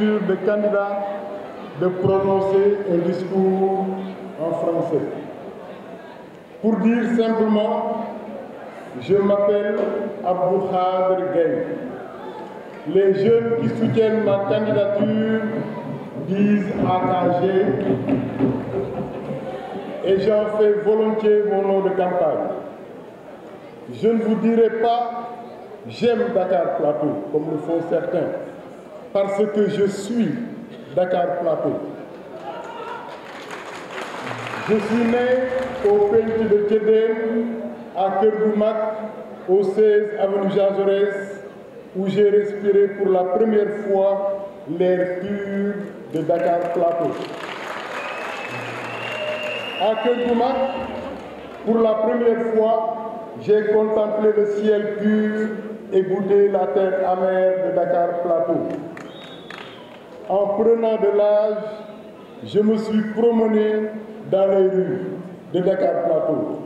de candidat de prononcer un discours en français. Pour dire simplement, je m'appelle Khaber Khader Les jeunes qui soutiennent ma candidature disent AKG et j'en fais volontiers mon nom de campagne. Je ne vous dirai pas j'aime Dakar Plateau, comme le font certains parce que je suis Dakar Plateau. Je suis né au pays de Kédem, à Kerboumak, au 16 avenue Jean Jaurès, où j'ai respiré pour la première fois l'air pur de Dakar Plateau. À Kerboumak, pour la première fois, j'ai contemplé le ciel pur et goûté la terre amère de Dakar Plateau en prenant de l'âge, je me suis promené dans les rues de Dakar Plateau.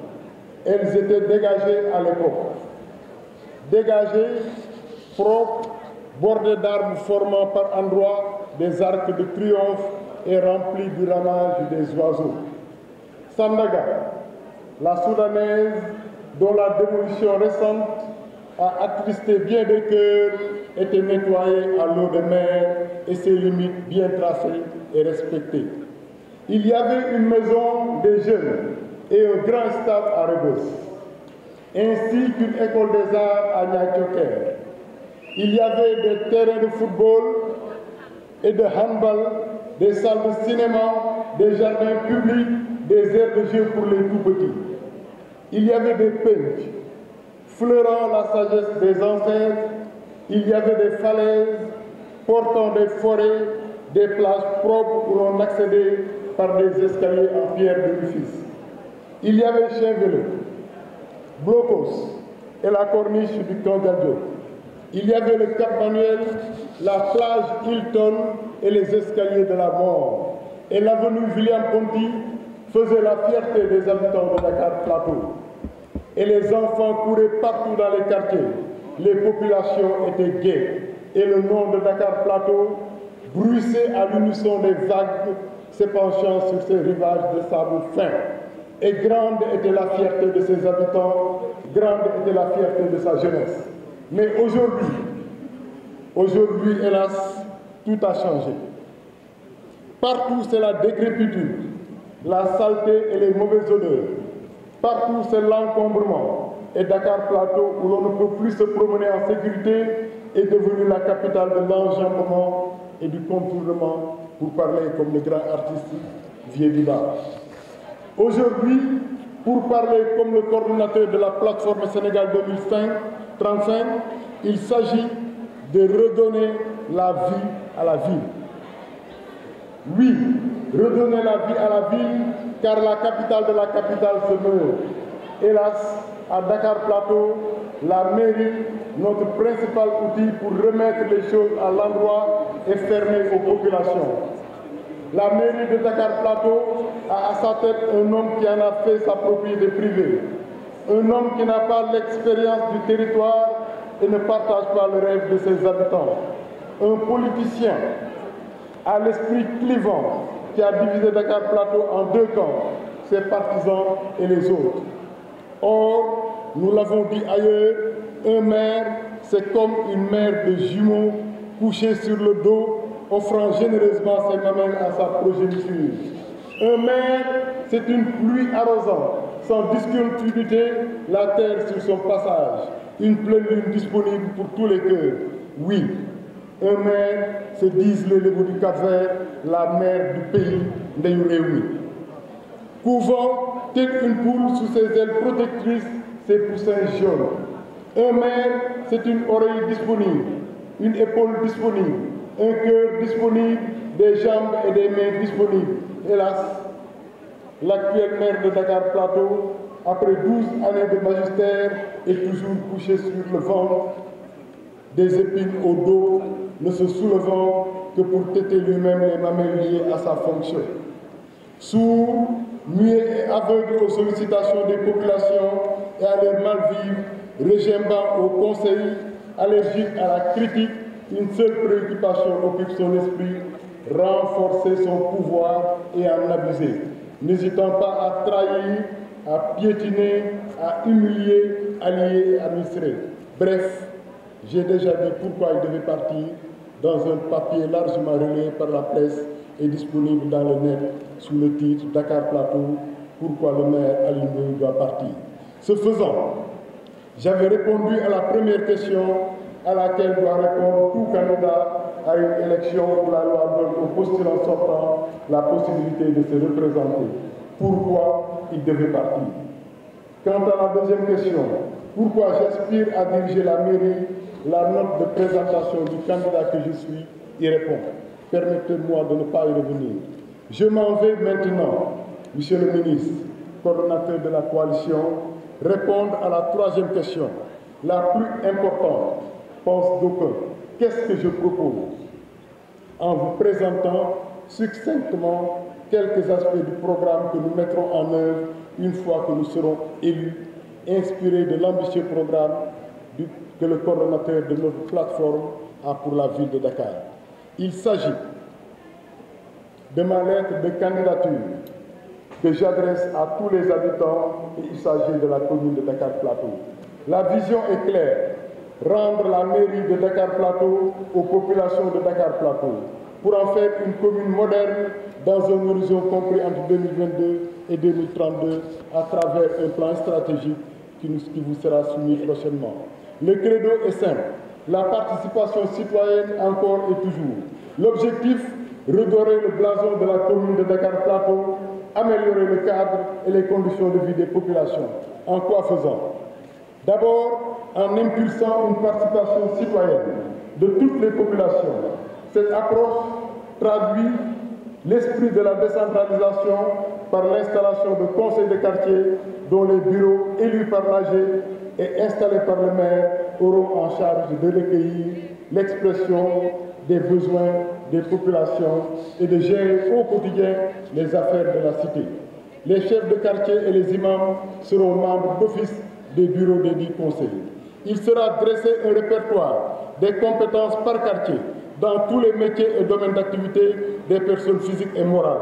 Elles étaient dégagées à l'époque. Dégagées, propres, bordées d'arbres formant par endroits des arcs de triomphe et remplies du ramage des oiseaux. Sandaga, la soudanaise dont la démolition récente a attristé bien des cœurs, était nettoyé à l'eau de mer et ses limites bien tracées et respectées. Il y avait une maison des jeunes et un grand stade à Rebos, ainsi qu'une école des arts à Niachoker. Il y avait des terrains de football et de handball, des salles de cinéma, des jardins publics, des aires de jeu pour les tout petits. Il y avait des peintres, fleurant la sagesse des ancêtres, il y avait des falaises portant des forêts, des plages propres où on accédait par des escaliers en pierre d'office. Il y avait chèvres Blocos et la corniche du camp Il y avait le Cap Manuel, la plage Hilton et les escaliers de la mort. Et l'avenue William Ponty faisait la fierté des habitants de la Dakar Plateau et les enfants couraient partout dans les quartiers. Les populations étaient gaies et le nom de Dakar Plateau bruissait à l'unisson des vagues penchant sur ces rivages de sable fin. Et grande était la fierté de ses habitants, grande était la fierté de sa jeunesse. Mais aujourd'hui, aujourd'hui, hélas, tout a changé. Partout, c'est la décrépitude, la saleté et les mauvaises odeurs. Partout, c'est l'encombrement. Et Dakar Plateau, où l'on ne peut plus se promener en sécurité, est devenu la capitale de l'enjambement et du contournement, pour parler comme le grand artiste Vieux Aujourd'hui, pour parler comme le coordinateur de la plateforme Sénégal 2035, il s'agit de redonner la vie à la ville. Oui, redonner la vie à la ville, car la capitale de la capitale se meurt. Hélas, à Dakar Plateau, la mairie, notre principal outil pour remettre les choses à l'endroit et fermer aux populations. La mairie de Dakar Plateau a à sa tête un homme qui en a fait sa propriété privée, un homme qui n'a pas l'expérience du territoire et ne partage pas le rêve de ses habitants, un politicien à l'esprit clivant, qui a divisé Dakar Plateau en deux camps, ses partisans et les autres. Or, nous l'avons dit ailleurs, un maire, c'est comme une mère de jumeaux couchée sur le dos, offrant généreusement ses mamelles à sa progéniture. Un maire, c'est une pluie arrosante, sans disculpabilité, la terre sur son passage. Une pleine lune disponible pour tous les cœurs. Oui, un maire se disent le Lébou du cap la mère du pays ndeyu réew telle une poule sous ses ailes protectrices ses poussins jaunes un maire c'est une oreille disponible une épaule disponible un cœur disponible des jambes et des mains disponibles hélas l'actuelle maire de Dakar Plateau après 12 années de magistère est toujours couché sur le ventre des épines au dos, ne se soulevant que pour têter lui-même les mamelles liées à sa fonction. Sourd, muet et aveugle aux sollicitations des populations et à mal-vivre, régimbant au conseil, allergique à la critique, une seule préoccupation occupe son esprit, renforcer son pouvoir et en abuser, n'hésitant pas à trahir, à piétiner, à humilier, à et à administrer. Bref, j'ai déjà dit pourquoi il devait partir dans un papier largement relayé par la presse et disponible dans le net sous le titre Dakar Plateau, pourquoi le maire Aline doit partir. Ce faisant, j'avais répondu à la première question à laquelle doit répondre tout Canada à une élection où la loi donne au postulant sortant la possibilité de se représenter. Pourquoi il devait partir Quant à la deuxième question, pourquoi j'aspire à diriger la mairie la note de présentation du candidat que je suis y répond. Permettez-moi de ne pas y revenir. Je m'en vais maintenant, Monsieur le ministre, coordonnateur de la coalition, répondre à la troisième question, la plus importante, pense donc, Qu'est-ce que je propose En vous présentant succinctement quelques aspects du programme que nous mettrons en œuvre une fois que nous serons élus, inspirés de l'ambitieux programme que le coordonnateur de notre plateforme a pour la ville de Dakar. Il s'agit de ma lettre de candidature que j'adresse à tous les habitants et il s'agit de la commune de Dakar Plateau. La vision est claire, rendre la mairie de Dakar Plateau aux populations de Dakar Plateau pour en faire une commune moderne dans un horizon compris entre 2022 et 2032 à travers un plan stratégique qui, vous sera soumis prochainement. Le credo est simple, la participation citoyenne encore et toujours. L'objectif, redorer le blason de la commune de Dakar Plateau, améliorer le cadre et les conditions de vie des populations. En quoi faisant D'abord, en impulsant une participation citoyenne de toutes les populations. Cette approche traduit l'esprit de la décentralisation par l'installation de conseils de quartier dont les bureaux élus par l'AG et installés par le maire auront en charge de recueillir l'expression des besoins des populations et de gérer au quotidien les affaires de la cité. Les chefs de quartier et les imams seront membres d'office des bureaux des dix conseils. Il sera dressé un répertoire des compétences par quartier dans tous les métiers et domaines d'activité des personnes physiques et morales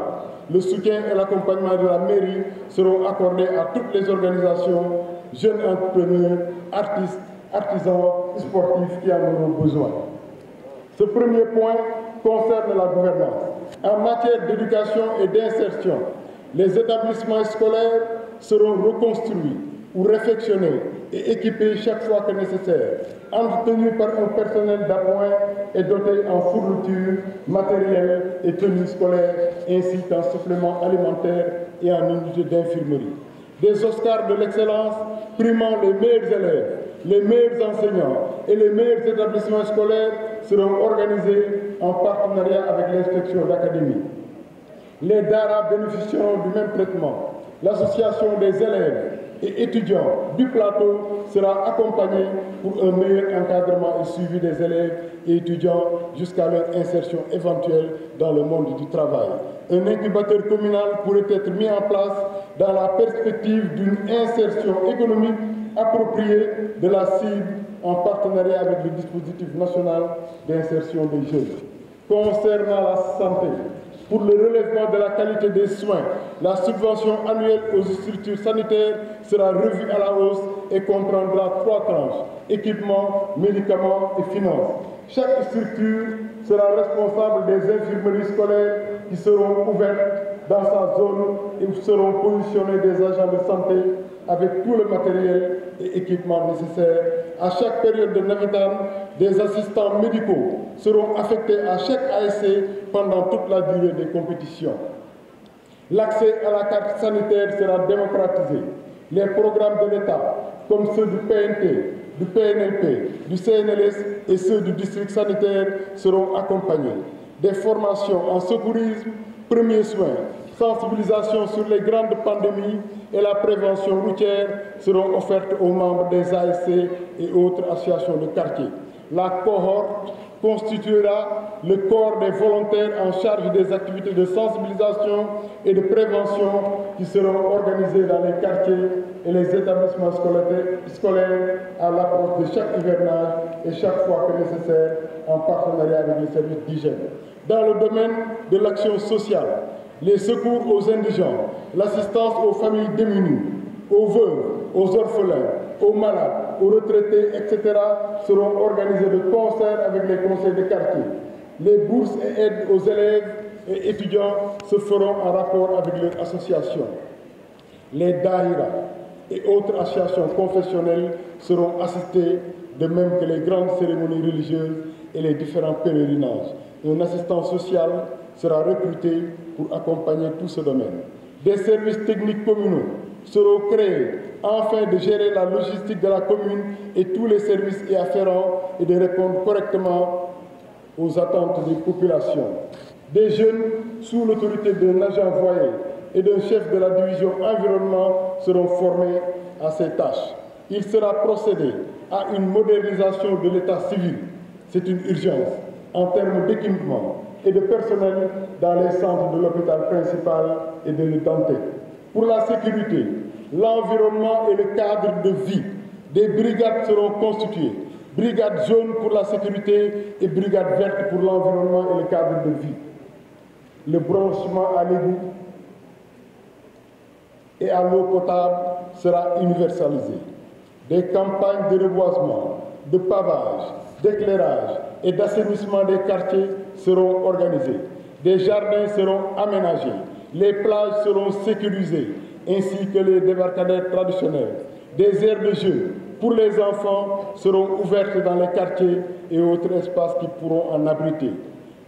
le soutien et l'accompagnement de la mairie seront accordés à toutes les organisations, jeunes entrepreneurs, artistes, artisans, sportifs qui en auront besoin. Ce premier point concerne la gouvernance. En matière d'éducation et d'insertion, les établissements scolaires seront reconstruits ou réfectionnés et équipés chaque fois que nécessaire, entretenus par un personnel d'appoint et dotés en fourniture, matériel et tenue scolaire, ainsi qu'en suppléments alimentaire et en unité d'infirmerie. Des Oscars de l'excellence primant les meilleurs élèves, les meilleurs enseignants et les meilleurs établissements scolaires seront organisés en partenariat avec l'inspection d'académie. Les DARA bénéficieront du même traitement. L'association des élèves et étudiants du plateau sera accompagné pour un meilleur encadrement et suivi des élèves et étudiants jusqu'à leur insertion éventuelle dans le monde du travail. Un incubateur communal pourrait être mis en place dans la perspective d'une insertion économique appropriée de la cible en partenariat avec le dispositif national d'insertion des jeunes. Concernant la santé, pour le relèvement de la qualité des soins. La subvention annuelle aux structures sanitaires sera revue à la hausse et comprendra trois tranches, équipements, médicaments et finances. Chaque structure sera responsable des infirmeries scolaires qui seront ouvertes dans sa zone et où seront positionnés des agents de santé avec tout le matériel et équipements nécessaires. À chaque période de ans, des assistants médicaux seront affectés à chaque ASC pendant toute la durée des compétitions. L'accès à la carte sanitaire sera démocratisé. Les programmes de l'État, comme ceux du PNT, du PNLP, du CNLS et ceux du district sanitaire seront accompagnés. Des formations en secourisme, premiers soins, sensibilisation sur les grandes pandémies et la prévention routière seront offertes aux membres des ASC et autres associations de quartier. La cohorte constituera le corps des volontaires en charge des activités de sensibilisation et de prévention qui seront organisées dans les quartiers et les établissements scolaires à l'approche de chaque hivernage et chaque fois que nécessaire en partenariat avec les services d'hygiène. Dans le domaine de l'action sociale, les secours aux indigents, l'assistance aux familles démunies, aux veuves, aux orphelins, aux malades, aux retraités, etc., seront organisés de concert avec les conseils de quartier. Les bourses et aides aux élèves et étudiants se feront en rapport avec les associations. Les daïras et autres associations confessionnelles seront assistées, de même que les grandes cérémonies religieuses et les différents pèlerinages. Une assistance sociale sera recruté pour accompagner tout ce domaine. Des services techniques communaux seront créés afin de gérer la logistique de la commune et tous les services y afférents et de répondre correctement aux attentes des populations. Des jeunes sous l'autorité d'un agent voyer et d'un chef de la division environnement seront formés à ces tâches. Il sera procédé à une modernisation de l'état civil. C'est une urgence en termes d'équipement, et de personnel dans les centres de l'hôpital principal et de l'étanté. Pour la sécurité, l'environnement et le cadre de vie, des brigades seront constituées. Brigade jaune pour la sécurité et brigade verte pour l'environnement et le cadre de vie. Le branchement à l'égout et à l'eau potable sera universalisé. Des campagnes de reboisement, de pavage, d'éclairage et d'assainissement des quartiers seront organisés. Des jardins seront aménagés. Les plages seront sécurisées, ainsi que les débarcadères traditionnels. Des aires de jeu pour les enfants seront ouvertes dans les quartiers et autres espaces qui pourront en abriter.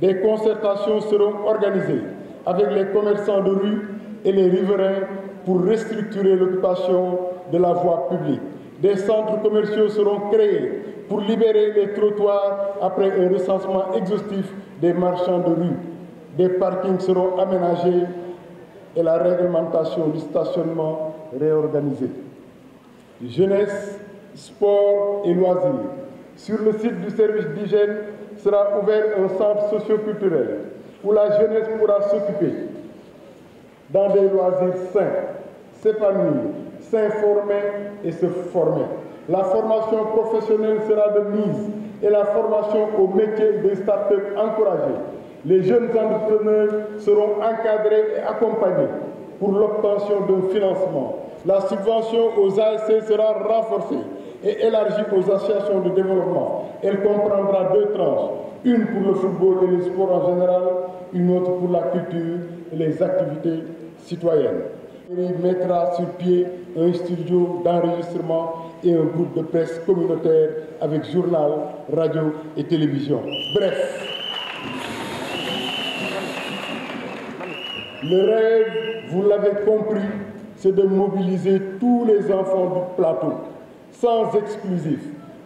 Des concertations seront organisées avec les commerçants de rue et les riverains pour restructurer l'occupation de la voie publique. Des centres commerciaux seront créés pour libérer les trottoirs après un recensement exhaustif des marchands de rue. Des parkings seront aménagés et la réglementation du stationnement réorganisée. Jeunesse, sport et loisirs. Sur le site du service d'hygiène sera ouvert un centre socioculturel où la jeunesse pourra s'occuper dans des loisirs sains, s'épanouir s'informer et se former. La formation professionnelle sera de mise et la formation au métier des start-up encouragée. Les jeunes entrepreneurs seront encadrés et accompagnés pour l'obtention d'un financement. La subvention aux ASC sera renforcée et élargie aux associations de développement. Elle comprendra deux tranches, une pour le football et le sport en général, une autre pour la culture et les activités citoyennes. Il mettra sur pied un studio d'enregistrement et un groupe de presse communautaire avec journal, radio et télévision. Bref, le rêve, vous l'avez compris, c'est de mobiliser tous les enfants du plateau, sans exclusif,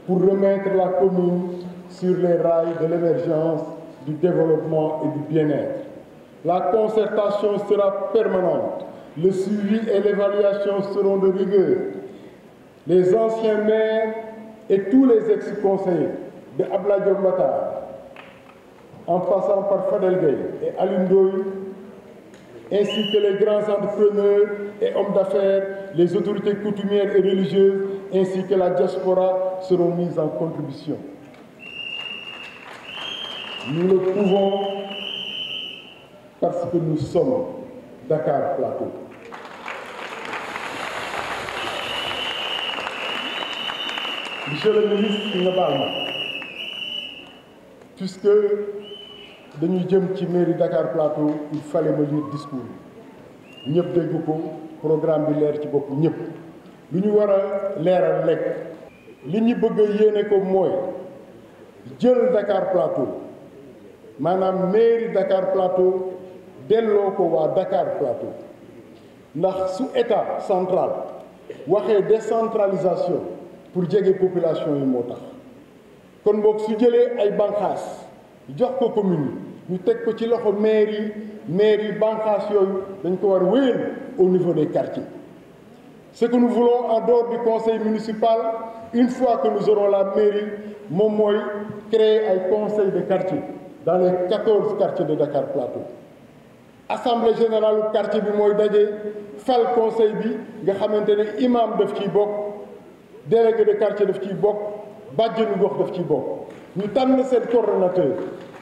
pour remettre la commune sur les rails de l'émergence, du développement et du bien-être. La concertation sera permanente le suivi et l'évaluation seront de rigueur. Les anciens maires et tous les ex-conseillers de Abla en passant par Fadel Gay et Alundoy, ainsi que les grands entrepreneurs et hommes d'affaires, les autorités coutumières et religieuses, ainsi que la diaspora seront mises en contribution. Nous le pouvons parce que nous sommes Dakar Plateau. Monsieur le ministre puisque nous jëm Dakar Plateau il fallait que lire discours Nous programme de l'ère ci Nous avons l'air. comme li nous bëgg Dakar Plateau Madame mairie Dakar Plateau delloo ko wa Dakar Plateau ndax su état central waxee décentralisation pour jege population yi motax kon bok su jëlee ay jox ko commune ñu une ko ci loxo maire yi maire yi dañ ko war wëyel au niveau des quartiers ce que nous voulons en dehors du conseil municipal une fois que nous aurons la mairie mom moy créer un conseil de quartier dans les 14 quartiers de Dakar Plateau assemblée général quartier bi mooy daje fal conseil bi nga xamante ne imam daf ciy bokk délégué de quartier daf ciy bokk bàjjenu gox daf ciy bokk ñu tànn seen coordonnateur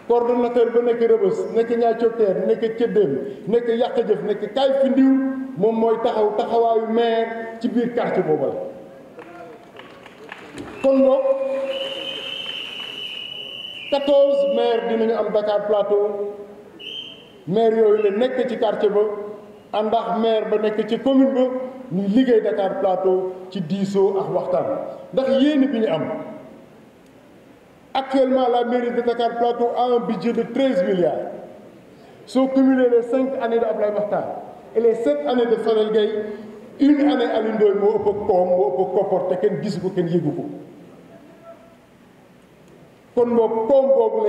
coordonnateur ba nekk Rebeuss nekk ñaa cotteer nekk cëddéem nekk yàq jëf nekk kaay fi ndiw moom mooy taxaw taxawaayu maire ci biir quartier boobu la kon boog 14 maire am Dakar Plateau maire yooyu la nekk ci quartier ba àndax maire ba nekk ci commune ba ñu liggéey Dakar Plateau ci diisoo ak waxtaan ndax bi am actuellement la mairie de Dakar Plateau a un budget de 13 milliards soo cumulé les 5 années de Ablaye Makhtar et les 7 années de Fadel une année à Ndoye moo ëpp ak koom moo ëpp ak de te ko kenn kon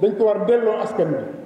des dañ